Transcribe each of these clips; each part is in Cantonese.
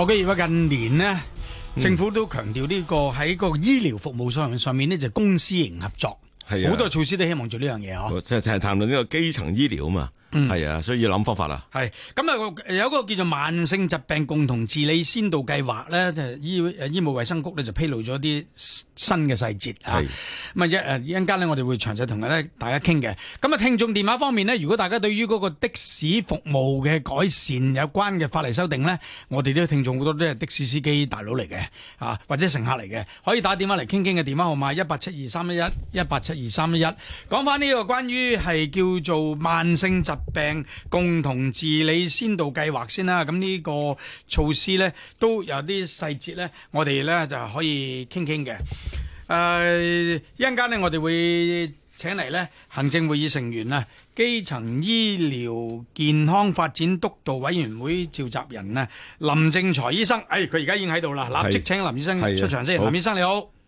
我記得近年咧，政府都強調呢、這個喺個醫療服務上上面呢就是、公私營合作，好、啊、多措施都希望做呢樣嘢呵。我即係、就是、談論呢個基層醫療嘛。嗯，係啊，所以要諗方法啦。係咁啊，有個叫做慢性疾病共同治理先導計劃咧，就醫誒，醫務衛生局咧就披露咗啲新嘅細節啊。係咁啊，一誒，一陣間咧，我哋會詳細同大家傾嘅。咁啊，聽眾電話方面咧，如果大家對於嗰個的士服務嘅改善，有關嘅法例修訂咧，我哋都聽眾好多都係的士司機大佬嚟嘅啊，或者乘客嚟嘅，可以打電話嚟傾傾，嘅電話號碼一八七二三一一一八七二三一一。講翻呢個關於係叫做慢性疾病病共同治理先導計劃先啦，咁呢個措施咧都有啲細節咧，我哋咧就可以傾傾嘅。誒、呃，一陣間咧，我哋會請嚟咧行政會議成員啊，基層醫療健康發展督導委員會召集人啊，林正財醫生，誒、哎，佢而家已經喺度啦，立即請林醫生出場先。林醫生好，你好。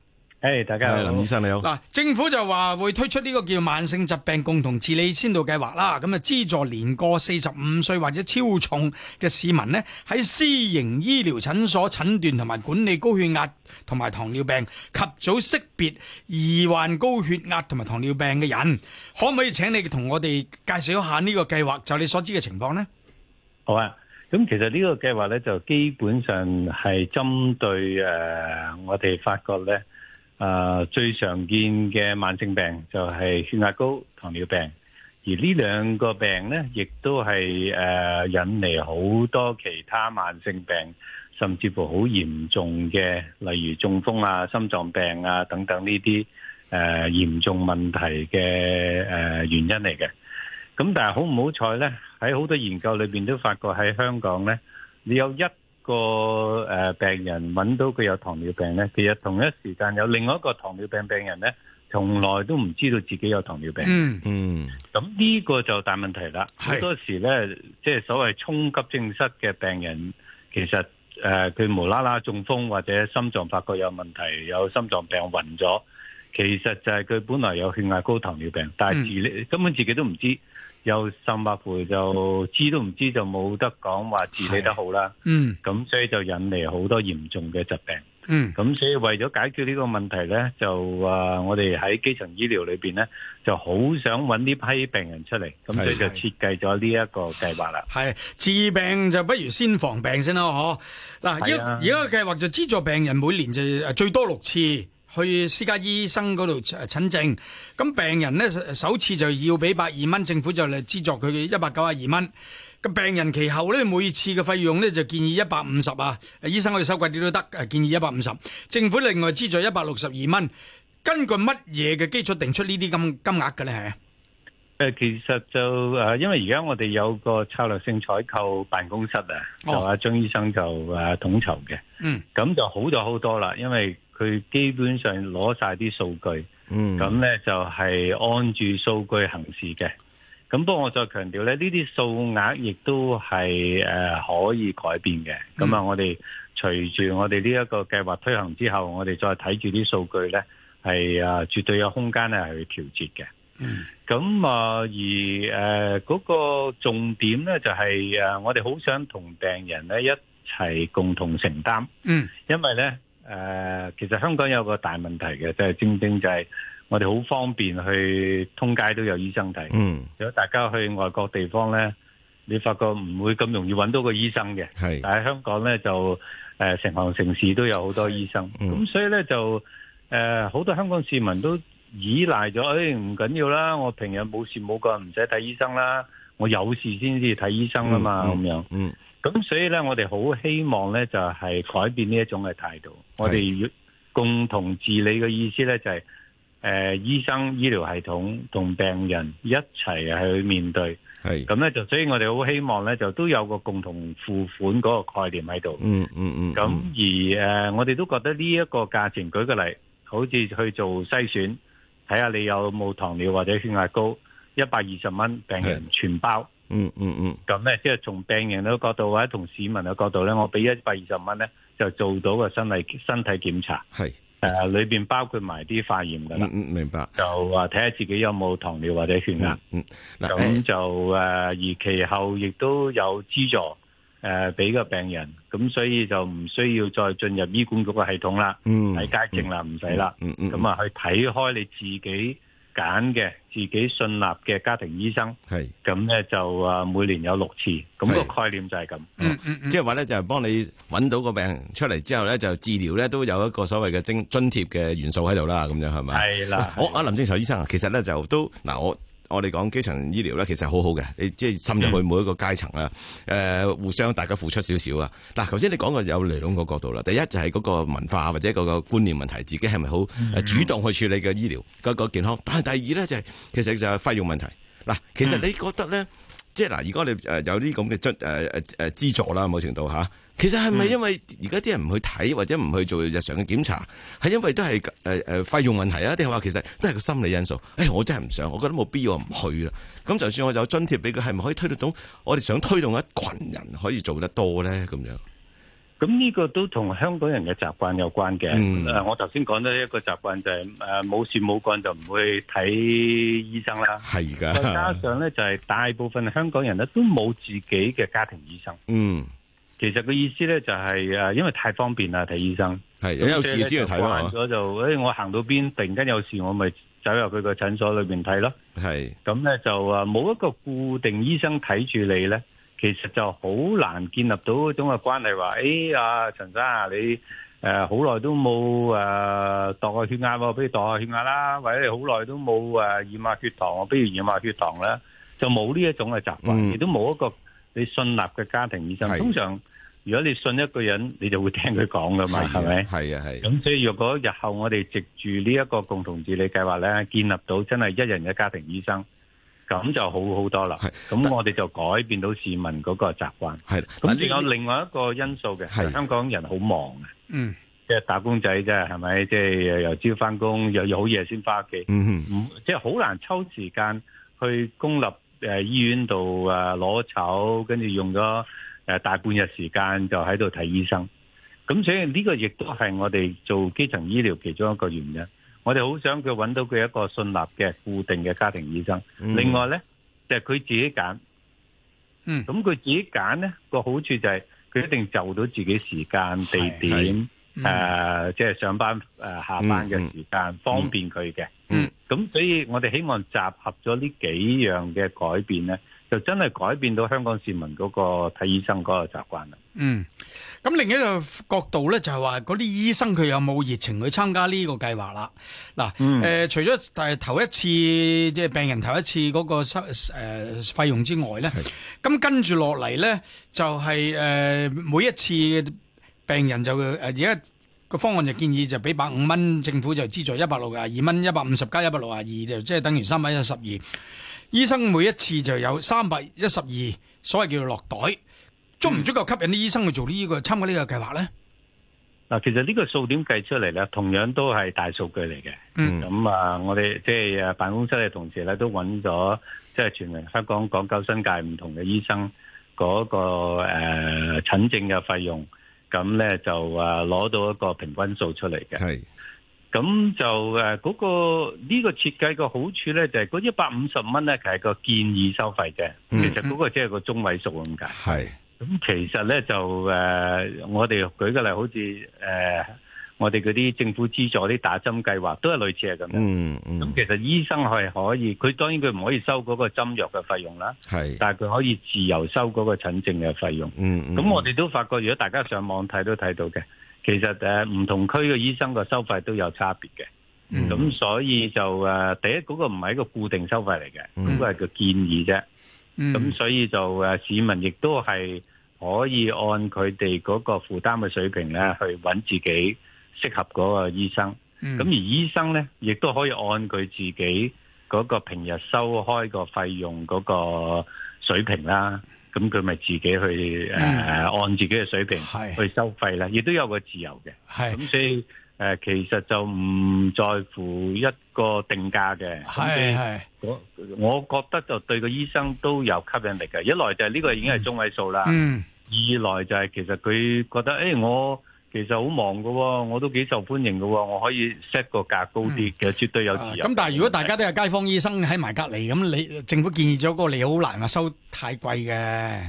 誒、hey，大家好，林醫生你好。嗱，政府就話會推出呢個叫慢性疾病共同治理先導計劃啦。咁啊，資助年過四十五歲或者超重嘅市民呢，喺私營醫療診所診斷同埋管理高血壓同埋糖尿病，及早識別易患高血壓同埋糖尿病嘅人，可唔可以請你同我哋介紹一下呢個計劃就是，你所知嘅情況呢？好啊，咁其實呢個計劃呢，就基本上係針對誒、呃、我哋發覺呢。誒最常見嘅慢性病就係血壓高、糖尿病，而呢兩個病呢，亦都係誒引嚟好多其他慢性病，甚至乎好嚴重嘅，例如中風啊、心臟病啊等等呢啲誒嚴重問題嘅誒原因嚟嘅。咁但係好唔好彩呢？喺好多研究裏邊都發覺喺香港呢，你有一。個誒病人揾到佢有糖尿病咧，其實同一時間有另外一個糖尿病病人咧，從來都唔知道自己有糖尿病。嗯，咁、嗯、呢個就大問題啦。好多時咧，即係所謂衝急症室嘅病人，其實誒佢、呃、無啦啦中風或者心臟發覺有問題，有心臟病暈咗，其實就係佢本來有血壓高、糖尿病，但係自、嗯、你根本自己都唔知道。有甚至乎就知都唔知就冇得講話治理得好啦，咁、嗯、所以就引嚟好多嚴重嘅疾病。咁、嗯、所以為咗解決呢個問題咧，就啊我哋喺基層醫療裏邊咧，就好想揾呢批病人出嚟，咁所以就設計咗呢一個計劃啦。係治病就不如先防病先咯，嗬？嗱，而而家個計劃就資助病人每年就最多六次。去私家醫生嗰度診症，咁病人咧，首次就要俾百二蚊，政府就嚟資助佢一百九十二蚊。咁病人其後咧，每次嘅費用咧，就建議一百五十啊，醫生可以收貴啲都得，誒建議一百五十。政府另外資助一百六十二蚊。根據乜嘢嘅基礎定出呢啲咁金額嘅咧？誒，其實就誒，因為而家我哋有個策略性採購辦公室啊，就阿張醫生就誒統籌嘅，嗯，咁就好咗好多啦，因為。佢基本上攞晒啲數據，嗯，咁咧就係按住數據行事嘅。咁不過我再強調咧，呢啲數額亦都係誒可以改變嘅。咁啊，我哋隨住我哋呢一個計劃推行之後，我哋再睇住啲數據咧，係啊絕對有空間咧係去調節嘅。嗯，咁啊，而誒嗰個重點咧就係誒，我哋好想同病人咧一齊共同承擔。嗯，因為咧。誒、呃，其實香港有個大問題嘅，即係正正就係。我哋好方便去通街都有醫生睇。嗯，如果大家去外國地方咧，你發覺唔會咁容易揾到個醫生嘅。係，但係香港咧就誒、呃，成行成市都有好多醫生。咁、嗯、所以咧就誒，好多香港市民都依賴咗。誒、哎，唔緊要啦，我平日冇事冇個唔使睇醫生啦。我有事先至睇醫生啊嘛，咁樣。嗯。嗯嗯咁所以咧，我哋好希望咧，就係、是、改變呢一種嘅態度。我哋要共同治理嘅意思咧，就係、是、誒、呃，醫生、醫療系統同病人一齊去面對。係咁咧，就所、所以我哋好希望咧，就都有個共同付款嗰個概念喺度。嗯嗯嗯。咁、嗯嗯、而誒、呃，我哋都覺得呢一個價錢，舉個例，好似去做篩選，睇下你有冇糖尿或者血壓高，一百二十蚊，病人全包。嗯嗯嗯，咁、嗯、咧、嗯、即係從病人嘅角度或者同市民嘅角度咧，我俾一百二十蚊咧就做到個身體身體檢查，係誒、呃、裏邊包括埋啲化驗噶啦，嗯，嗯明白，就話睇下自己有冇糖尿或者血壓，嗯咁、嗯、就誒、呃、而其後亦都有資助誒俾、呃、個病人，咁所以就唔需要再進入醫管局嘅系統啦，嗯，睇家政啦唔使啦，嗯嗯，咁、嗯、啊、嗯、去睇開你自己。揀嘅自己信納嘅家庭醫生，係咁咧就啊每年有六次，咁、那個概念就係咁，即係話咧就幫、是就是、你揾到個病出嚟之後咧就治療咧都有一個所謂嘅津津貼嘅元素喺度啦，咁樣係咪？係啦，我、哦、阿林正財醫生啊，其實咧就都嗱我。我哋講基層醫療咧，其實很好好嘅，你即係滲入去每一個階層啊，誒，互相大家付出少少啊。嗱，頭先你講過有兩個角度啦，第一就係嗰個文化或者嗰個觀念問題，自己係咪好主動去處理嘅醫療嗰個健康。但係第二咧就係，其實就係費用問題。嗱，其實你覺得咧，即係嗱，如果你誒有啲咁嘅津誒誒誒資助啦，某程度吓。其實係咪因為而家啲人唔去睇，或者唔去做日常嘅檢查，係因為都係誒誒費用問題啊？定係話其實都係個心理因素？誒、哎，我真係唔想，我覺得冇必要唔去啦。咁就算我有津貼俾佢，係咪可以推到到我哋想推動一群人可以做得多咧？咁樣，咁呢個都同香港人嘅習慣有關嘅、嗯。我頭先講咗一個習慣就係誒冇事冇干就唔會睇醫生啦。係而家，再加上咧就係大部分香港人咧都冇自己嘅家庭醫生。嗯。其實個意思咧就係誒，因為太方便啦，睇醫生係咁有事先去睇咯。行咗就誒，我行到邊，突然間有事，我咪走入佢個診所裏邊睇咯。係咁咧就誒，冇一個固定醫生睇住你咧，其實就好難建立到嗰種嘅關係。話誒啊，陳生啊，你誒好耐都冇誒度下血壓，不如度下血壓啦。或者你好耐都冇誒驗下血糖，不如驗下血糖啦。就冇呢一種嘅習慣，亦都冇一個你信納嘅家庭醫生。通常如果你信一個人，你就會聽佢講噶嘛，係咪？係啊係。咁所以若果日後我哋藉住呢一個共同治理計劃咧，建立到真係一人一家庭醫生，咁就好好多啦。咁我哋就改變到市民嗰個習慣。係。咁仲有另外一個因素嘅，香港人好忙嘅。嗯。即係打工仔啫，係咪？即係由朝翻工，又有好夜先翻屋企。嗯哼。即係好難抽時間去公立誒醫院度誒攞籌，跟住用咗。誒，大半日時間就喺度睇醫生，咁所以呢個亦都係我哋做基層醫療其中一個原因。我哋好想佢揾到佢一個信納嘅固定嘅家庭醫生。嗯。另外呢，就佢、是、自己揀，嗯，咁佢自己揀呢個好處就係佢一定就到自己時間地點，誒，即係上班誒下班嘅時間方便佢嘅。嗯，咁、呃就是嗯嗯嗯、所以我哋希望集合咗呢幾樣嘅改變呢就真係改變到香港市民嗰個睇醫生嗰個習慣啦。嗯，咁另一個角度咧就係話嗰啲醫生佢有冇熱情去參加呢個計劃啦？嗱、啊嗯呃，除咗誒頭一次即係病人頭一次嗰、嗰個收、呃、費用之外咧，咁跟住落嚟咧就係、是、誒、呃、每一次病人就而家個方案就建議就俾百五蚊，政府就資助一百六廿二蚊，一百五十加一百六廿二就即係等於三百一十二。醫生每一次就有三百一十二，所謂叫做落袋，足唔足夠吸引啲醫生去做呢、這個參加呢個計劃呢？嗱，其實呢個數點計出嚟呢，同樣都係大數據嚟嘅。咁、嗯、啊，我哋即係啊辦公室嘅同事咧，都揾咗即係全民、香港、港九新界唔同嘅醫生嗰、那個誒、呃、診症嘅費用，咁呢，就啊攞到一個平均數出嚟嘅。咁就誒嗰個呢個設計個好處咧，就係嗰一百五十蚊咧，其實個建議收費嘅。嗯，其實嗰個即係個中位數嚟㗎。係，咁其實咧就誒，我哋舉個例，好似誒我哋嗰啲政府資助啲打針計劃，都係類似係咁樣。嗯嗯，咁其實醫生係可以，佢當然佢唔可以收嗰個針藥嘅費用啦。係，但係佢可以自由收嗰個診症嘅費用。嗯嗯，咁我哋都發覺，如果大家上網睇都睇到嘅。其實誒，唔同區嘅醫生個收費都有差別嘅，咁、嗯、所以就誒，第一嗰、嗰個唔係一個固定收費嚟嘅，嗰、嗰個係個建議啫。咁、嗯、所以就誒，市民亦都係可以按佢哋嗰個負擔嘅水平咧，去揾自己適合嗰個醫生。咁、嗯、而醫生咧，亦都可以按佢自己嗰個平日收開個費用嗰個水平啦。咁佢咪自己去誒、嗯呃、按自己嘅水平去收費啦，亦都有個自由嘅。咁所以誒、呃，其實就唔在乎一個定價嘅。係係，我我覺得就對個醫生都有吸引力嘅。一來就係呢個已經係中位數啦、嗯。嗯，二來就係其實佢覺得誒、欸、我。其實好忙喎，我都幾受歡迎喎。我可以 set 個價高啲嘅、嗯，絕對有自由。咁、嗯啊、但係如果大家都係街坊醫生喺埋隔離，咁你政府建議咗嗰個，你好難話收太貴嘅。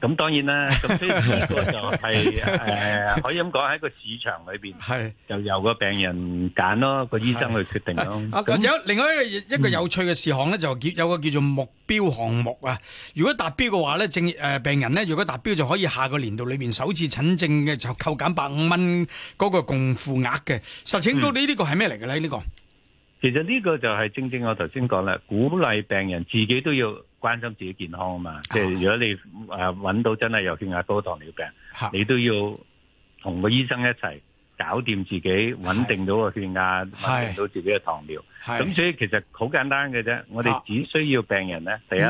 咁當然啦，咁所以呢個就係誒，可以咁講喺個市場裏邊，就由個病人揀咯，個醫生去決定咯。啊，有另外一個一個有趣嘅事項咧，就叫有個叫做目標項目啊。如果達標嘅話咧，正誒病人咧，如果達標就可以下個年度裏邊首次診症嘅就扣減百五蚊嗰個共付額嘅。實情到你呢個係咩嚟㗎咧？呢個其實呢個就係正正我頭先講啦，鼓勵病人自己都要。關心自己健康啊嘛，即係如果你誒揾到真係有血壓高、糖尿病，你都要同個醫生一齊搞掂自己，穩定到個血壓，穩定到自己嘅糖尿。咁所以其實好簡單嘅啫，我哋只需要病人咧，第一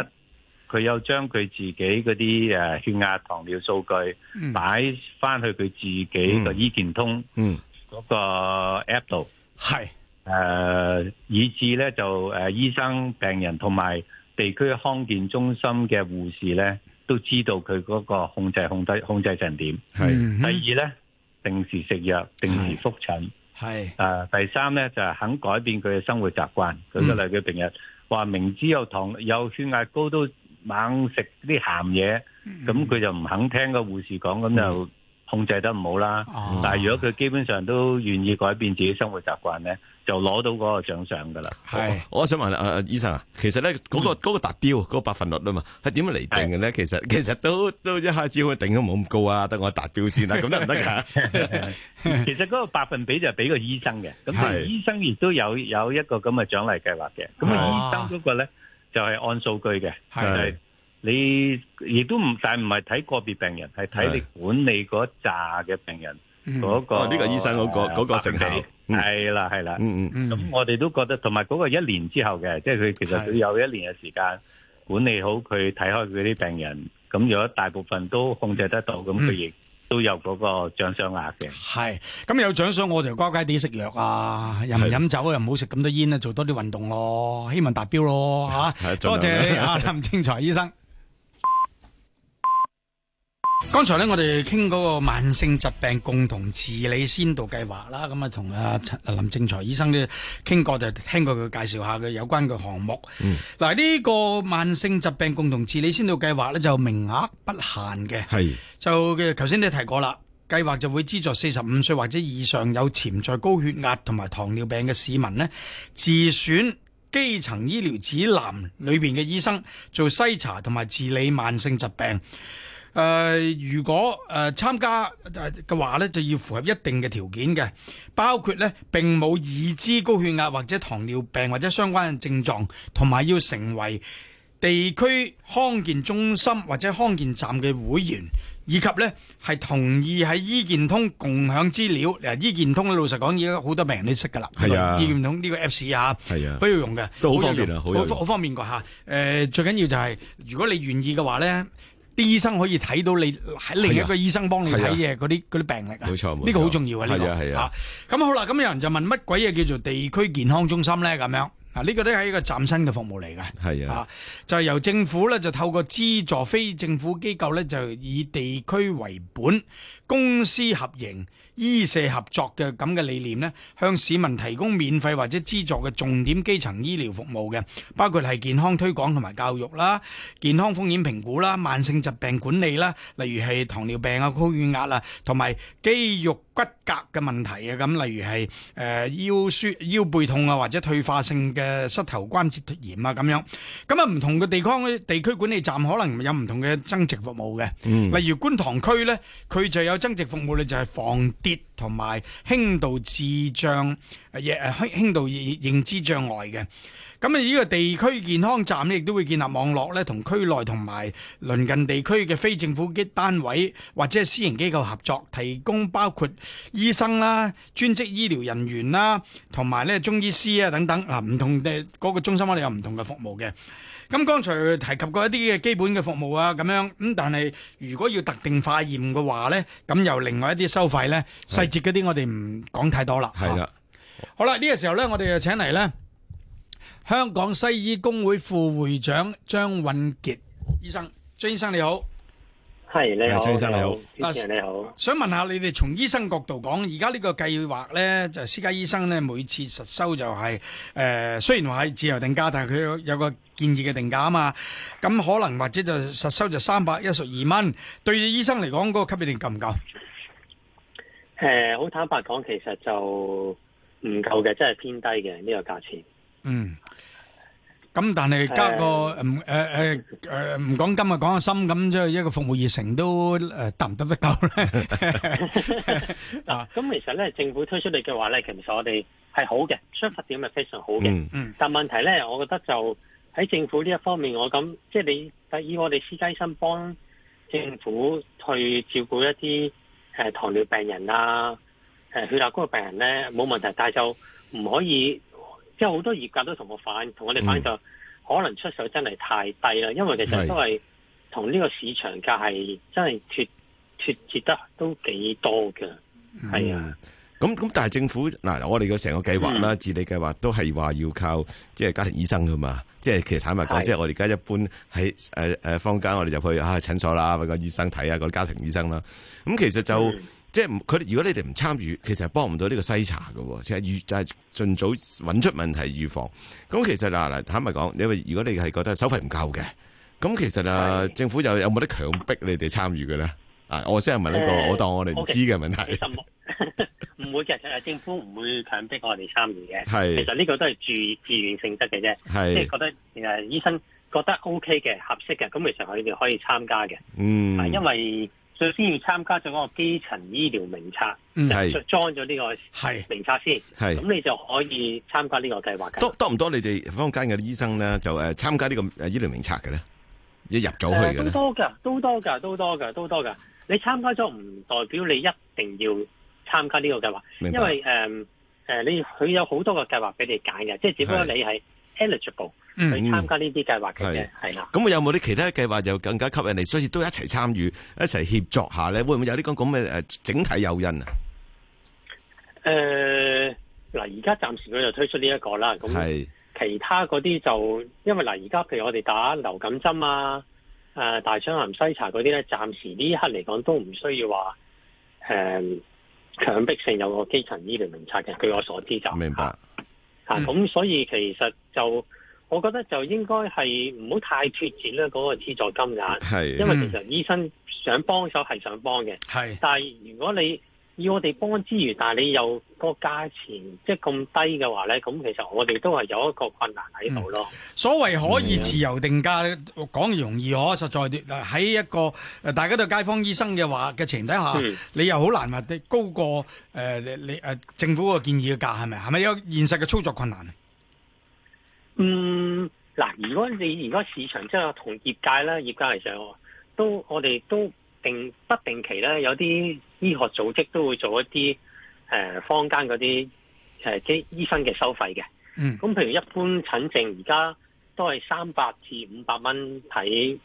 佢有將佢自己嗰啲誒血壓、糖尿數據擺翻去佢自己個醫健通嗰個 app 度，係誒，以致咧就誒醫生、病人同埋。地區康健中心嘅護士咧都知道佢嗰個控制控制控制症點。係，第二咧，定時食藥，定時覆診。係啊，第三咧就係肯改變佢嘅生活習慣。舉個例，佢平日話明知有糖有血壓高都猛食啲鹹嘢，咁佢就唔肯聽個護士講，咁就。控制得唔好啦，但係如果佢基本上都願意改變自己生活習慣咧，就攞到嗰個獎賞噶啦。係，我想問阿、啊、醫生啊，其實咧、那、嗰個嗰、嗯嗰個達標嗰、嗰個百分率啊嘛，係點樣嚟定嘅咧？其實其實都都一下子可以定得冇咁高啊，得我達標先啦，咁得唔得噶？ 其實嗰個百分比就係俾個醫生嘅，咁、那、啊、個、醫生亦都有有一個咁嘅獎勵計劃嘅，咁啊、那個、醫生嗰個咧就係、是、按數據嘅。係。就是你亦都唔，但係唔係睇個別病人，係睇你管理嗰扎嘅病人嗰呢、那個哦這個醫生嗰、那個嗰、呃那個、成績，係啦係啦。咁、嗯嗯、我哋都覺得同埋嗰個一年之後嘅，即係佢其實佢有一年嘅時間管理好佢睇開佢啲病人。咁有一大部分都控制得到，咁佢亦都有嗰個獎賞額嘅。係，咁有獎賞，我就乖乖啲食藥啊，又唔飲酒，又唔好食咁多煙啊，做多啲運動咯，希望達標咯嚇。多謝你啊林正財醫生。剛才呢我哋傾嗰個慢性疾病共同治理先導計劃啦。咁啊，同阿林正財醫生咧，傾過，就聽過佢介紹下嘅有關嘅項目。嗯，嗱，呢個慢性疾病共同治理先導計劃呢，就名額不限嘅，係就嘅。頭先你提過啦，計劃就會資助四十五歲或者以上有潛在高血壓同埋糖尿病嘅市民呢，自選基層醫療指南裏邊嘅醫生做篩查同埋治理慢性疾病。誒、呃，如果誒參、呃、加誒嘅話咧，就要符合一定嘅條件嘅，包括咧並冇已知高血壓或者糖尿病或者相關嘅症狀，同埋要成為地區康健中心或者康健站嘅會員，以及咧係同意喺醫健通共享資料。誒，醫健通老實講，而家好多病人都識噶啦，是啊，醫健通呢個 apps 下，係啊，要、啊、用嘅，都好方便啊，好好方便噶、啊、吓。誒、啊，最緊要就係、是、如果你願意嘅話咧，啲醫生可以睇到你喺另一個醫生幫你睇嘅嗰啲嗰啲病歷，呢、啊啊呢個好重要嘅。咁、啊啊啊、好啦，咁有人就問乜鬼嘢叫做地區健康中心咧？咁樣啊，呢個都係一個嶄新嘅服務嚟嘅、啊啊。就係、由政府咧就透過資助非政府機構咧就以地區為本，公私合營。醫社合作嘅咁嘅理念呢，向市民提供免費或者資助嘅重點基層醫療服務嘅，包括係健康推廣同埋教育啦、健康風險評估啦、慢性疾病管理啦，例如係糖尿病啊、高血壓啦，同埋肌肉骨骼嘅問題啊，咁例如係誒腰痠腰背痛啊，或者退化性嘅膝頭關節炎啊咁樣。咁啊唔同嘅地方地區管理站可能有唔同嘅增值服務嘅，嗯，例如觀塘區呢，佢就有增值服務，呢就係防跌。同埋輕度智障，輕輕度認知障礙嘅，咁啊呢個地區健康站咧，亦都會建立網絡咧，同區內同埋鄰近地區嘅非政府單位或者係私營機構合作，提供包括醫生啦、專職醫療人員啦，同埋咧中醫師啊等等，嗱，唔同嘅嗰個中心我哋有唔同嘅服務嘅。咁剛才提及過一啲嘅基本嘅服務啊，咁樣咁，但係如果要特定化驗嘅話咧，咁由另外一啲收費咧，細節嗰啲我哋唔講太多啦。係啦，好啦，呢個時候咧，我哋就請嚟咧香港西醫工會副會長張允傑醫生，張醫生你好。係你好，張生你好，主持人你好。想問下你哋從醫生角度講，而家呢個計劃咧，就是、私家醫生咧，每次實收就係、是、誒、呃，雖然話係自由定價，但係佢有個建議嘅定價啊嘛。咁可能或者就實收就三百一十二蚊，對醫生嚟講嗰個級別定夠唔夠？誒、呃，好坦白講，其實就唔夠嘅，真係偏低嘅呢、這個價錢。嗯。咁但係加個唔誒誒誒唔講今日講個心咁，即係一個服務熱誠都誒得唔得？得夠咧。嗱、 啊，咁其實咧，政府推出嚟嘅話咧，其實我哋係好嘅，出發點係非常好嘅。嗯、mm. 但問題咧，我覺得就喺政府呢一方面，我咁即係你，以我哋私家身幫政府去照顧一啲誒、呃、糖尿病人啊，誒、呃、血壓高嘅病人咧冇問題，但係就唔可以。即係好多業界都同我反，同我哋反就可能出手真係太低啦，因為其實都係同呢個市場價係真係脫脫脫節得都幾多㗎，係、嗯、啊。咁咁、嗯，但係政府嗱，我哋個成個計劃啦，治、嗯、理計劃都係話要靠即係家庭醫生㗎嘛。即係其實坦白講，即係我哋而家一般喺誒誒坊間，我哋入去啊診所啦，揾個醫生睇下嗰啲家庭醫生啦。咁其實就。嗯。即係佢，如果你哋唔參與，其實係幫唔到呢個篩查嘅，即係預就係盡早揾出問題預防。咁其實嗱嗱，坦白講，因為如果你係覺得收費唔夠嘅，咁其實啊，政府又有冇得強迫你哋參與嘅咧、嗯？啊，我先係問呢、這個、嗯，我當我哋唔知嘅問題，唔、okay, 會嘅，政府唔會強迫我哋參與嘅。係其實呢個都係注自願性質嘅啫，即係覺得其實醫生覺得 OK 嘅、合適嘅，咁其實我哋可以參加嘅。嗯，因為。首先，要參加咗嗰個基層醫療名冊，嗯、就裝咗呢個名冊先，咁你就可以參加呢個計劃。多多唔多？你哋坊間嘅醫生咧，就誒、呃、參加呢個誒醫療名冊嘅咧，一入咗去嘅都多㗎，都多㗎，都多㗎，都多㗎。你參加咗唔代表你一定要參加呢個計劃，因為誒誒，你、呃、佢、呃、有好多個計劃俾你揀嘅，即係只不過你係。係 eligible 去參加呢啲計劃嘅，係、嗯、啦。咁有冇啲其他計劃又更加吸引你，所以都一齊參與、一齊協作下咧，會唔會有啲咁咁嘅誒整體誘因啊？誒、呃，嗱，而家暫時佢就推出呢一個啦。咁，其他嗰啲就因為嗱，而家譬如我哋打流感針啊、誒大腸癌篩查嗰啲咧，暫時呢一刻嚟講都唔需要話誒、呃、強迫性有個基層醫療名冊嘅。據我所知就明白。咁、嗯嗯、所以其實就，我覺得就應該係唔好太脫節咧，嗰個資助金額。係，因為其實醫生想幫手係想幫嘅。係、嗯，但係如果你。要我哋幫助之餘，但係你又個價錢即係咁低嘅話咧，咁其實我哋都係有一個困難喺度咯。所謂可以自由定價，嗯、講容易我實在啲喺一個誒大家都街坊醫生嘅話嘅前提下、嗯，你又好難話高過誒、呃、你你誒、呃、政府個建議嘅價係咪係咪有現實嘅操作困難？嗯，嗱，如果你而家市場即係同業界咧，業界嚟上都我哋都。定不定期咧，有啲醫學組織都會做一啲誒、呃、坊間嗰啲誒啲醫生嘅收費嘅。嗯。咁譬如一般診症，而家都係三百至五百蚊睇一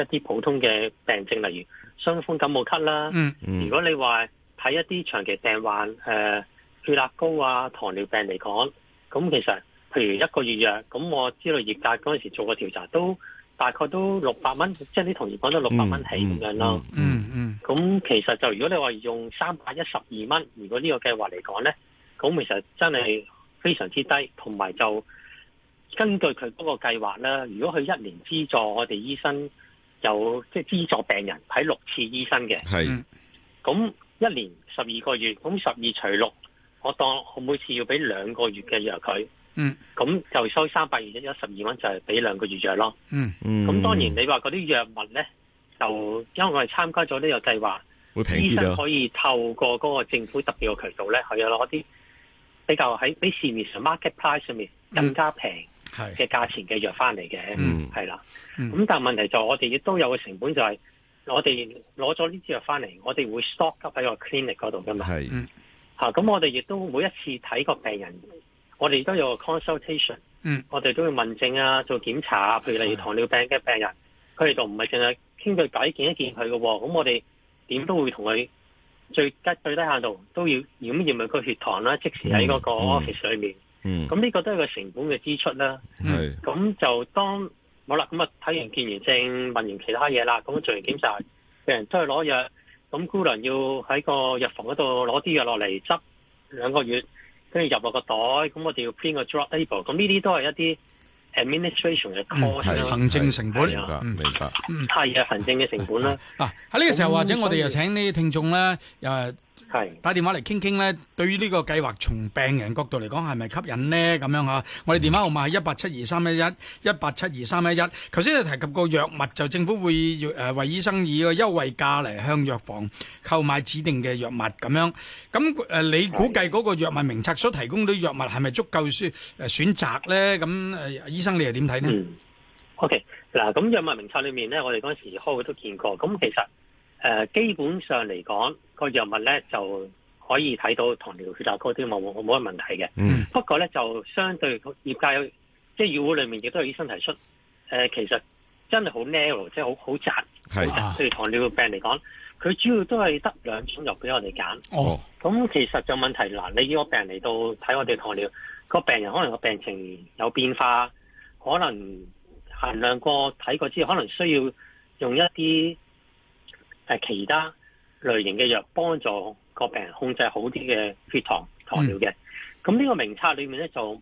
啲普通嘅病症，例如傷風感冒咳啦。嗯嗯。如果你話睇一啲長期病患，誒、呃、血壓高啊、糖尿病嚟講，咁其實譬如一個月藥，咁我知道業界嗰陣時做過調查都。大概都六百蚊，即係啲同事講咗六百蚊起咁樣咯。嗯嗯，咁、嗯嗯、其實就如果你話用三百一十二蚊，如果呢個計劃嚟講咧，咁其實真係非常之低，同埋就根據佢嗰個計劃啦，如果佢一年資助我哋醫生，有即係、就是、資助病人睇六次醫生嘅。係。咁一年十二個月，咁十二除六，我當我每次要俾兩個月嘅藥佢。嗯，咁就收三百二一一十二蚊，就係俾兩個月藥咯。嗯、咁、嗯、當然你話嗰啲藥物咧，就因為我哋參加咗呢個計劃，醫生可以透過嗰個政府特別嘅渠道咧，佢有攞啲比較喺比市面上 market price 上面更加平嘅價錢嘅藥翻嚟嘅。嗯，係啦。咁、嗯嗯、但係問題就我哋亦都有個成本，就係我哋攞咗呢支藥翻嚟，我哋會 stock up 喺個 clinic 嗰度噶嘛。係。吓、嗯、咁、啊、我哋亦都每一次睇個病人。我哋都有個 consultation，嗯、我哋都要問症啊，做檢查啊，譬如例如糖尿病嘅病人，佢哋就唔係淨係傾佢偈見一見佢嘅喎，咁我哋點都會同佢最低最低限度都要檢驗佢個血糖啦、啊，即時喺嗰個 office 裏面。咁、嗯、呢、嗯、個都係個成本嘅支出啦、啊。咁就當冇啦，咁啊睇完見完症，問完其他嘢啦，咁做完檢查病人都去攞藥，咁姑娘要喺個藥房嗰度攞啲藥落嚟執兩個月。跟住入落個袋，咁我哋要 print 個 drug label，咁呢啲都係一啲 administration 嘅 cost 咯，行政成本啊，明白，係啊，行政嘅成本啦。嗱，喺呢個時候，或者我哋又請呢啲聽眾咧，又係。係打電話嚟傾傾咧，對於呢個計劃從病人角度嚟講，係咪吸引咧？咁樣啊，我哋電話號碼係一八七二三一一一八七二三一一。頭先你提及個藥物就政府會誒、呃、為醫生以個優惠價嚟向藥房購買指定嘅藥物咁樣。咁誒、呃，你估計嗰個藥物名冊所提供啲藥物係咪足夠選誒選擇咧？咁誒、呃，醫生你又點睇呢？嗯。OK，嗱，咁藥物名冊裏面咧，我哋嗰時開會都見過。咁其實。誒、呃，基本上嚟講個藥物咧就可以睇到糖尿、血壓高，啲冇冇冇乜問題嘅。嗯，不過咧就相對業界即係議會裏面亦都有醫生提出，誒、呃、其實真係好 narrow，即係好好窄。係，對糖尿病嚟講，佢主要都係得兩種藥俾我哋揀。哦，咁其實就問題嗱，你呢個病人嚟到睇我哋糖尿個病人，可能個病情有變化，可能衡量過睇過之後，可能需要用一啲。係其他類型嘅藥，幫助個病人控制好啲嘅血糖糖尿嘅，咁、嗯、呢個名冊裏面咧就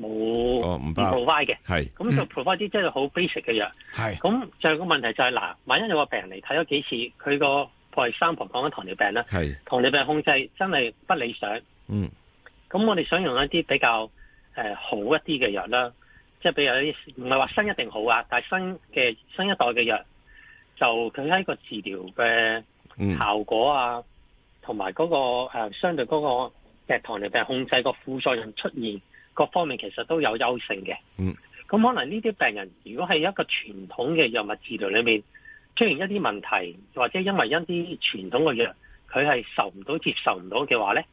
冇唔 provide 嘅，係咁就 provide 啲即係好 basic 嘅藥。係咁，最後個問題就係、是、嗱、呃，萬一有個病人嚟睇咗幾次，佢個破三婆講緊糖尿病啦，糖尿病控制真係不理想。嗯，咁我哋想用一啲比較誒、呃、好一啲嘅藥啦，即、就、係、是、比如一啲唔係話新一定好啊，但係新嘅新一代嘅藥。就佢喺個治療嘅效果啊，同埋嗰個、啊、相對嗰個糖尿病控制個副作用出現各方面，其實都有優勝嘅。嗯，咁可能呢啲病人如果係一個傳統嘅藥物治療裏面出現一啲問題，或者因為一啲傳統嘅藥佢係受唔到、接受唔到嘅話咧，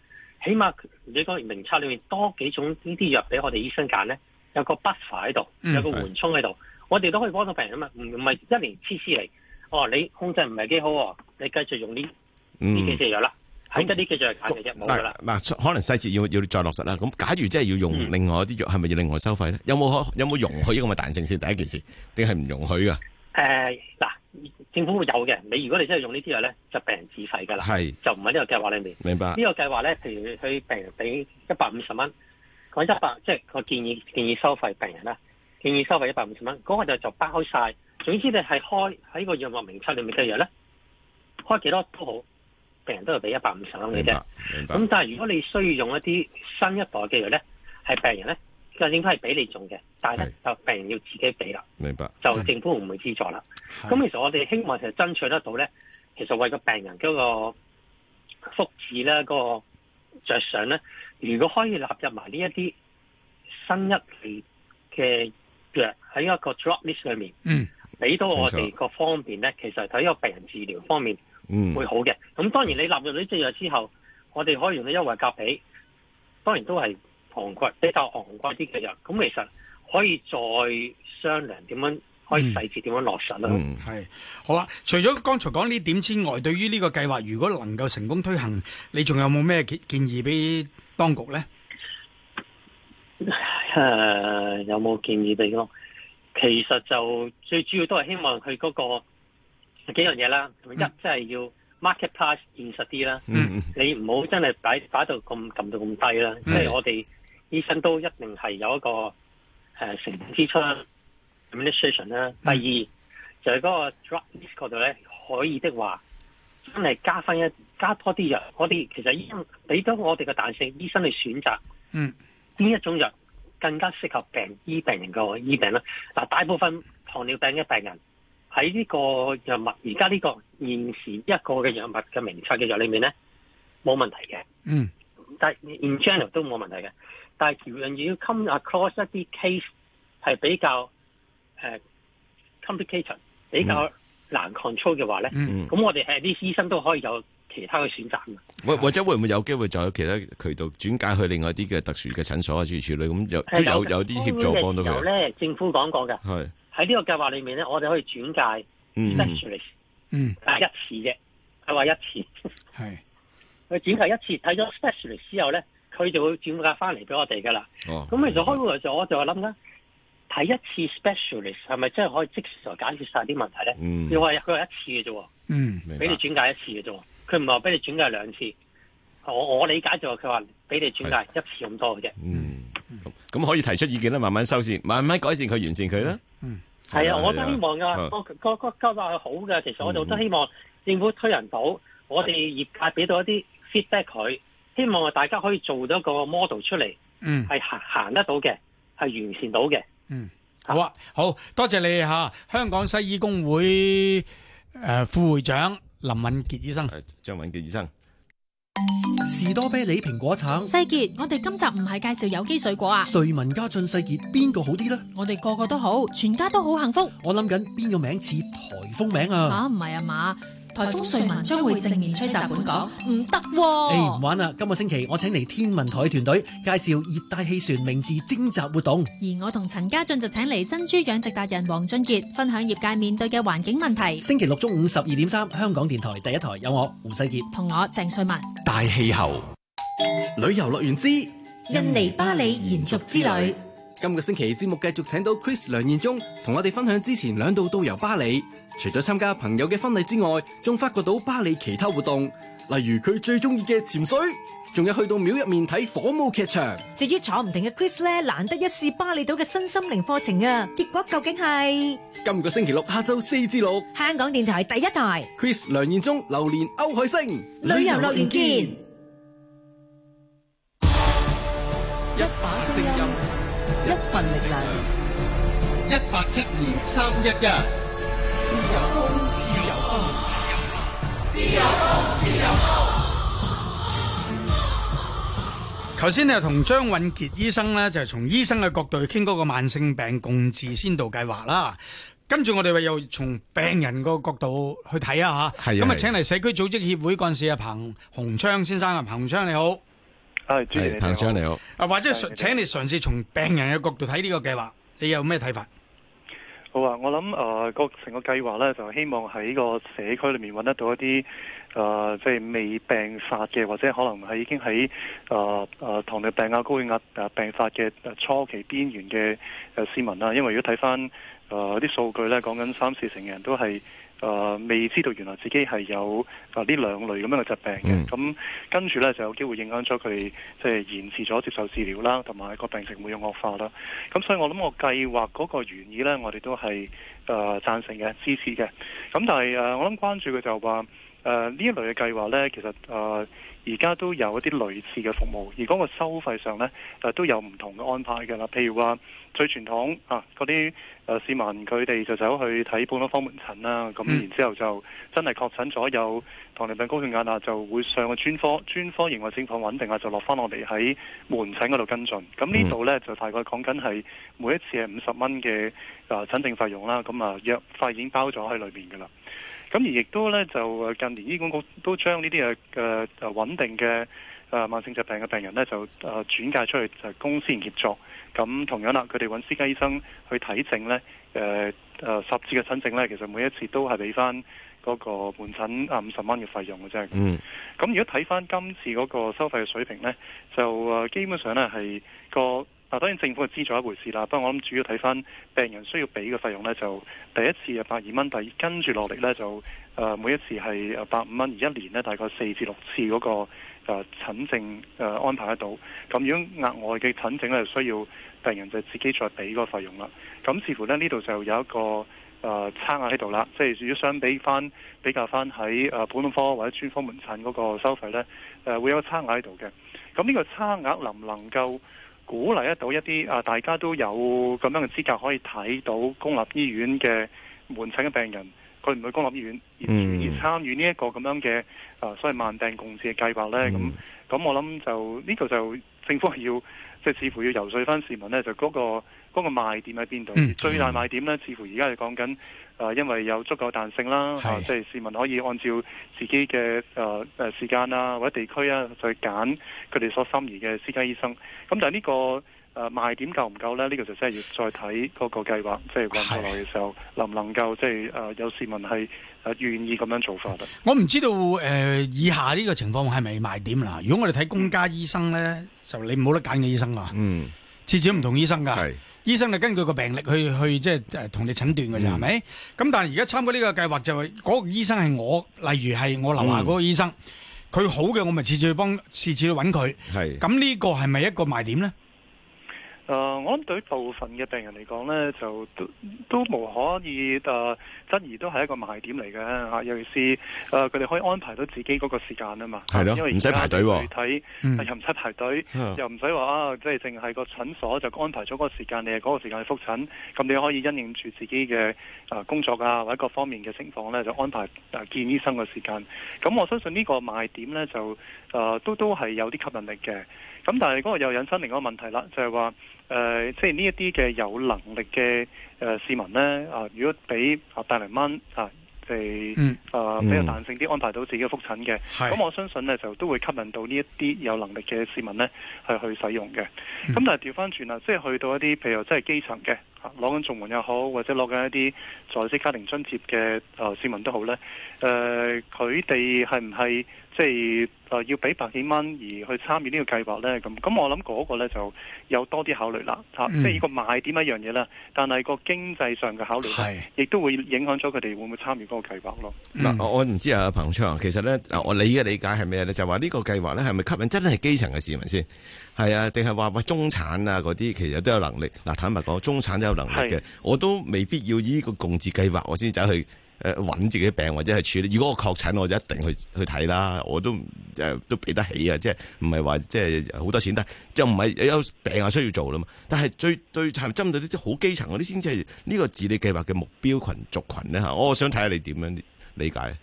起碼你個名冊裏面多幾種呢啲藥俾我哋醫生揀咧，有個 b 法喺度，有個緩衝喺度、嗯，我哋都可以幫到病人啊嘛。唔唔係一年黐黐嚟。哦、你控制唔係幾好喎？你繼續用呢啲啲嘅藥啦，係得啲嘅就係假嘅啫，冇噶啦。嗱、嗯，可能細節要要再落實啦。咁假如真係要用另外啲藥，係、嗯、咪要另外收費咧？有冇可有冇容許咁嘅彈性先？第一件事，定係唔容許噶？誒、呃、嗱，政府會有嘅。你如果你真係用呢啲藥咧，就病人自費㗎啦。係就唔喺呢個計劃裡面。明白呢、呢個計劃咧，譬如佢病人俾一百五十蚊，講一百，即係我建議建議收費病人啦，建議收費一百五十蚊，嗰、嗰個就就包晒。總之你係開喺個藥物名冊裏面嘅藥咧，開幾多都好，病人都要俾一百五十蚊嘅啫。明白。咁但係如果你需要用一啲新一代嘅藥咧，係病人咧，政府係俾你用嘅，但係咧就病人要自己俾啦。明白。就政府唔會資助啦。咁、嗯、其實我哋希望就爭取得到咧，其實為個病人嗰個福祉咧、個着想咧，如果可以納入埋呢一啲新一代嘅藥喺一個 drop list 裏面，嗯。俾到我哋個方面咧，其實睇個病人治療方面，嗯，會好嘅。咁當然你納入咗隻藥之後，我哋可以用到優惠價俾，當然都係昂貴，比較昂貴啲嘅藥。咁其實可以再商量點樣，可以細節點樣落實啦。嗯，係。好啦，啊，除咗剛才講呢點之外，對於呢個計劃，如果能夠成功推行，你仲有冇咩建建議俾當局咧？誒，有冇建議俾我？其實就最主要都係希望佢嗰個幾樣嘢啦，嗯、一即係、就是、要 market pass 現實啲啦，嗯、你唔好真係擺擺到咁撳到咁低啦。即、嗯、係、就是、我哋醫生都一定係有一個誒、呃、成本支出 administration 啦。嗯、第二就係、是、嗰個 drug list 嗰度咧，可以的話真係加翻一加多啲藥嗰啲，其實醫生俾到我哋嘅彈性，醫生嚟選擇嗯呢一種藥。嗯更加適合病醫病人個醫病啦。嗱、嗯，大部分糖尿病嘅病人喺呢個藥物，而家呢個現時一個嘅藥物嘅名冊嘅藥裏面咧，冇問題嘅。嗯，但係 in general 都冇問題嘅。但係如果你要 come across 一啲 case 係比較、uh, complication 比較難 control 嘅話咧，咁、嗯、我哋係啲醫生都可以有。其他嘅選擇嘛，或或者會唔會有機會再有其他渠道轉介去另外啲嘅特殊嘅診所啊，諸如此類咁有都有有啲協助幫到佢。有咧，政府講過嘅，喺呢個計劃裏面咧，我哋可以轉介 specialist，嗯，嗯，但一次嘅，係話一次，係佢 轉介一次睇咗 specialist 之後咧，佢就會轉介翻嚟俾我哋噶啦。咁、哦、其實開會嘅時候，我就諗啦，睇一次 specialist 係咪真係可以即時就解決晒啲問題咧？嗯，你話佢話一次嘅啫，嗯，俾你轉介一次嘅啫。佢唔係話俾你轉介兩次，我我理解就係佢話俾你轉介一次咁多嘅啫。嗯，咁可以提出意見咧，慢慢收線，慢慢改善佢，完善佢啦。嗯、係、嗯、啊，我都希望噶，個個個交代係好嘅。其實我哋都希望政府推人到，嗯，我哋業界俾到一啲 feedback 佢，希望大家可以做到個 model 出嚟。嗯，係行行得到嘅，係完善到嘅。嗯，好啊，好多謝你吓，香港西醫工會誒副會長。林允傑醫生，係張允傑醫生，士多啤梨蘋果橙，世傑，我哋今集唔係介紹有機水果啊，瑞文家俊世傑邊個好啲咧？我哋個個都好，全家都好幸福。我諗緊邊個名似台風名啊？啊，唔係啊嘛。台風瑞文將會正面吹襲本港，唔得！啊！誒，唔玩啦！今個星期我請嚟天文台團隊介紹熱帶氣旋名字徵集活動，而我同陳家俊就請嚟珍珠養殖達人黃俊杰分享業界面對嘅環境問題。星期六中午十二點三，香港電台第一台有我胡世杰同我鄭瑞文，大氣候旅遊樂園之印尼巴里延續之旅。今個星期節目繼續請到 Chris 梁彥忠同我哋分享之前兩度導遊巴黎，除咗參加朋友嘅婚禮之外，仲發掘到巴黎其他活動，例如佢最中意嘅潛水，仲有去到廟入面睇火舞劇場。至於坐唔定嘅 Chris 咧，難得一試巴厘島嘅新心靈課程啊！結果究竟係？今個星期六下晝四至六，香港電台第一台，Chris 梁彥忠、榴蓮、歐海星，旅遊樂園見。一把聲音。嗯一份力量，一八七二三一一。自由風自由風自由風自由風，頭先你又同張允傑醫生咧，就係從醫生嘅角度去傾嗰個慢性病共治先導計劃啦。跟住我哋話又從病人個角度去睇啊嚇。咁啊，請嚟社區組織協會幹事啊，彭鴻昌先生啊，彭鴻昌你好。係，彭生你好。啊或者請你嘗試從病人嘅角度睇呢個計劃，你有咩睇法？好啊，我諗誒，呃、個成個計劃咧，就希望喺個社區裏面揾得到一啲誒，即、呃、係、就是、未病發嘅，或者可能係已經喺誒誒，糖、呃、尿、呃、病啊、高血壓誒病發嘅初期邊緣嘅誒市民啦，啊。因為如果睇翻誒啲數據咧，講緊三四成嘅人都係。誒、呃、未知道原來自己係有誒呢兩類咁樣嘅疾病嘅，咁、嗯、跟住咧就有機會影響咗佢，即、就、係、是、延遲咗接受治療啦，同埋個病情會有惡化啦。咁所以我諗我計劃嗰個原意咧，我哋都係誒贊成嘅、支持嘅。咁但係誒、呃，我諗關注嘅就係話呢一類嘅計劃咧，其實誒，呃而家都有一啲類似嘅服務，而嗰個收費上呢，誒、啊、都有唔同嘅安排嘅啦。譬如話最傳統啊，嗰啲誒市民佢哋就走去睇普通科門診啦，咁、啊嗯嗯、然之後就真係確診咗有糖尿病、高血壓啊，就會上個專科、專科型情況穩定啊，就落翻落嚟喺門診嗰度跟進。咁呢度呢，就大概講緊係每一次係五十蚊嘅誒診症費用啦，咁啊藥費已經包咗喺裏面嘅啦。咁而亦都咧就近年醫管局都將呢啲嘅嘅穩定嘅誒、呃、慢性疾病嘅病人咧就誒、呃、轉介出去就係、公私協作。咁同樣啦，佢哋搵私家醫生去睇症咧，誒、呃呃、十次嘅診症咧，其實每一次都係俾翻嗰個門診啊五十蚊嘅費用嘅啫。咁、mm. 如果睇翻今次嗰個收費嘅水平咧，就誒基本上咧係個。當然政府嘅資助一回事啦，不過我諗主要睇翻病人需要俾嘅費用呢，就第一次係百二蚊，第二跟住落嚟呢，就、呃、誒每一次係百五蚊，而一年呢大概四至六次嗰、那個誒診症誒安排得到。咁、嗯、如果額外嘅診症就需要病人就自己再俾個費用啦。咁、嗯、似乎咧呢度就有一個誒、呃、差額喺度啦，即係如果相比翻比較翻喺誒普通科或者專科門診嗰個收費呢，誒、呃、會有個差額喺度嘅。咁、嗯、呢、這個差額能唔能夠？鼓勵得到一啲啊，大家都有咁樣嘅資格可以睇到公立醫院嘅門診嘅病人，佢唔去公立醫院、嗯、而，而參與呢一個咁樣嘅、啊、所謂慢病共治嘅計劃呢咁咁、嗯、我諗就呢度，呢個、就政府係要即係似乎要游說翻市民呢，就嗰、嗰個。嗰、那個賣點喺邊度？最大賣點咧，似乎而家係講緊，誒、呃，因為有足夠彈性啦、呃，即係市民可以按照自己嘅誒、呃、時間啊，或者地區啊，再揀佢哋所心儀嘅私家醫生。咁、嗯、但係、這、呢個誒、呃、賣點夠唔夠咧？呢、這個就真係要再睇嗰個計劃，即係運過來嘅時候，能唔能夠即係誒、呃、有市民係誒願意咁樣做法咧？我唔知道誒、呃、以下呢個情況係咪賣點啦？如果我哋睇公家醫生咧、嗯，就你冇得揀嘅醫生㗎，嗯，至少唔同醫生㗎。醫生就根據個病歷去去即係誒同你診斷㗎咋，係咪？咁但係而家參加呢個計劃就係嗰個醫生係我，例如係我樓下嗰個醫生，佢、嗯、好嘅我咪次次去幫，次次去揾佢。係咁呢個係咪一個賣點咧？誒、呃，我諗對部分嘅病人嚟講咧，就都都無可以誒、呃，質疑都係一個賣點嚟嘅嚇，尤其是誒佢哋可以安排到自己嗰個時間啊嘛係咯，因為而家唔使排隊睇、哦嗯，又唔使排隊，又唔使話啊，即係淨係個診所就安排咗個時間，你係嗰個時間去覆診，咁你可以因應住自己嘅誒、呃、工作啊或者各方面嘅情況咧，就安排誒、呃、見醫生嘅時間。咁我相信呢個賣點咧就誒、呃、都都係有啲吸引力嘅。咁但係嗰個又引申另一個問題啦，就係、是、話、呃、即係呢一啲嘅有能力嘅、呃、市民呢，啊、呃，如果俾啊大零蚊啊，即、呃、係、嗯呃、比較彈性啲安排到自己嘅覆診嘅，咁我相信呢就都會吸引到呢一啲有能力嘅市民呢係去使用嘅。咁、嗯、但係調返轉啦，即係去到一啲譬如即係基層嘅。攞緊綜援又好，或者攞緊一啲在職家庭津，津貼嘅啊市民都好咧。誒、呃，佢哋係唔係即係啊、呃、要俾百幾蚊而去參與呢個計劃咧？咁咁我諗嗰個咧就有多啲考慮啦，嚇、嗯！即係呢個賣點一樣嘢咧。但係個經濟上嘅考慮咧，亦都會影響咗佢哋會唔會參與嗰個計劃咯。嗱、嗯，我唔知道啊，彭鴻昌，其實咧嗱，我理嘅理解係咩咧？就話呢個計劃咧係咪吸引真係基層嘅市民先？係啊，定係話喂中產啊嗰啲其實都有能力。嗱，坦白講，中產都有能力。能力嘅，我都未必要以呢個共治計劃，我先走去誒揾自己的病或者係處理。如果我確診，我就一定去去睇啦。我都誒都俾得起啊，即係唔係話即係好多錢，但係又唔係有病啊需要做啦嘛。但係最最係針對啲好基層嗰啲先至係呢個治理計劃嘅目標群族群咧吓。我想睇下你點樣理解。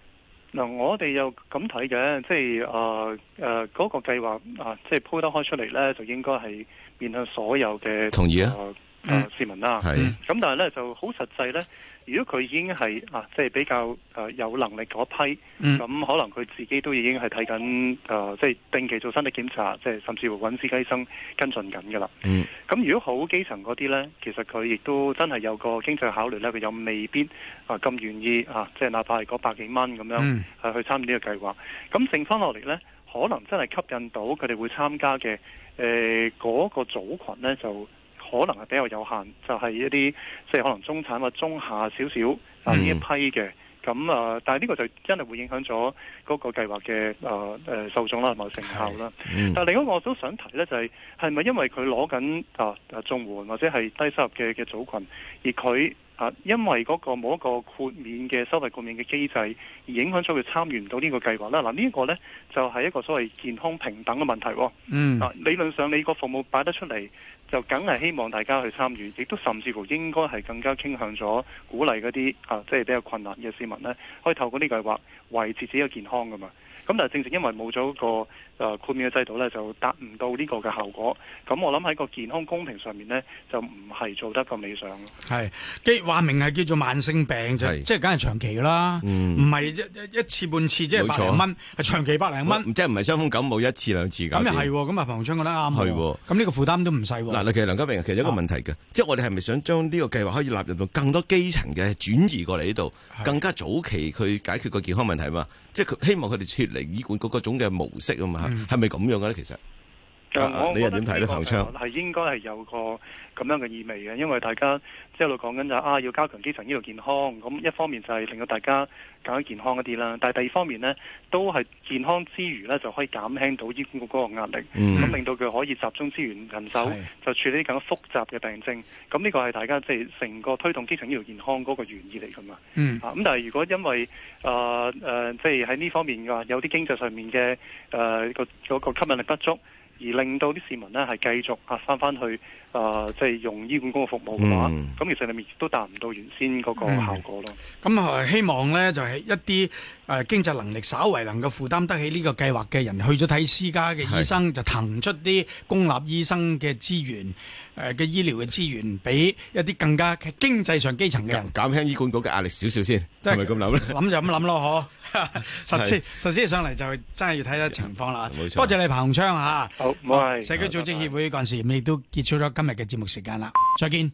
嗱，我哋又咁睇嘅，即係誒誒嗰個計劃啊，即係鋪得開出嚟咧，就應該係面向所有嘅。同意啊。啊、呃！市民啦、啊，咁、嗯、但係咧就好實際咧。如果佢已經係啊，即、就、係、是、比較啊、呃、有能力嗰批，咁、嗯、可能佢自己都已經係睇緊啊，即、呃、係、就是、定期做身體檢查，即係甚至乎揾私家生跟進緊噶啦。咁、嗯、如果好基層嗰啲咧，其實佢亦都真係有個經濟考慮咧，佢又未必啊咁願意啊，即係、啊就是、哪怕係嗰百幾蚊咁樣、嗯、去參與呢個計劃。咁剩翻落嚟咧，可能真係吸引到佢哋會參加嘅誒嗰個組群咧就。可能係比較有限，就係、是、一啲即係可能中產或中下少少啊呢一批嘅，咁啊，但係呢個就真係會影響咗嗰個計劃嘅啊誒受眾啦，同埋成效啦。Mm. 但係另一個我都想提呢，就係係咪因為佢攞緊啊啊綜援或者係低收入嘅嘅組群，而佢啊因為嗰個冇一個豁免嘅收費豁免嘅機制，而影響咗佢參與唔到呢個計劃啦？嗱、啊，這個、呢一個咧就係、是、一個所謂健康平等嘅問題。嗯、mm. 啊，理論上你個服務擺得出嚟。就梗係希望大家去參與，亦都甚至乎應該係更加傾向咗鼓勵嗰啲啊，即係比較困難嘅市民呢，可以透過呢個計劃維持自己嘅健康噶嘛。咁但係正正因為冇咗一個，誒豁免嘅制度咧，就達唔到呢個嘅效果。咁我諗喺個健康公平上面呢，就唔係做得咁理想咯。係既話明係叫做慢性病就，即係梗係長期啦，唔、嗯、係一一,一次半次即係百零蚊，係長期百零蚊、嗯啊，即係唔係傷風感冒一次兩次咁。咁又係，咁啊彭鴻昌覺得啱。係、哦，咁呢個負擔都唔細喎。嗱，其實梁家明其實有一個問題嘅、啊，即係我哋係咪想將呢個計劃可以納入到更多基層嘅轉移過嚟呢度，更加早期去解決個健康問題嘛？即係希望佢哋脫離醫管局各種嘅模式啊嘛～係咪咁樣嘅咧？其實。啊、我你又點睇呢？彭鴻昌？係應該係有個咁樣嘅意味嘅、啊，因為大家即係喺度講緊就是、啊，要加強基層醫療健康。咁一方面就係令到大家更加健康一啲啦。但係第二方面呢，都係健康之餘呢，就可以減輕到醫管局嗰個壓力。咁、嗯、令到佢可以集中資源人手，就處理更加複雜嘅病症。咁呢個係大家即係成個推動基層醫療健康嗰個原意嚟㗎嘛。咁、嗯啊，但係如果因為啊即係喺呢方面嘅話，有啲經濟上面嘅誒個個個吸引力不足。而令到啲市民呢，係繼續啊翻返去。啊、呃，即、就、係、是、用醫管局嘅服務嘅話，咁、嗯、其實你面都達唔到原先嗰個效果咯。咁啊、呃，希望咧就係、是、一啲誒、呃、經濟能力稍為能夠負擔得起呢個計劃嘅人，去咗睇私家嘅醫生，就騰出啲公立醫生嘅資源，誒、呃、嘅醫療嘅資源，俾一啲更加經濟上基層嘅人減，減輕醫管局嘅壓力少少先，係咪咁諗咧？諗就咁諗咯，嗬。 實質實質上嚟就真係要睇下情況啦。冇錯，多謝，謝你彭雄昌嚇。好，社區組織協會嗰陣時，我哋都結束咗。今日嘅節目時間啦，再見。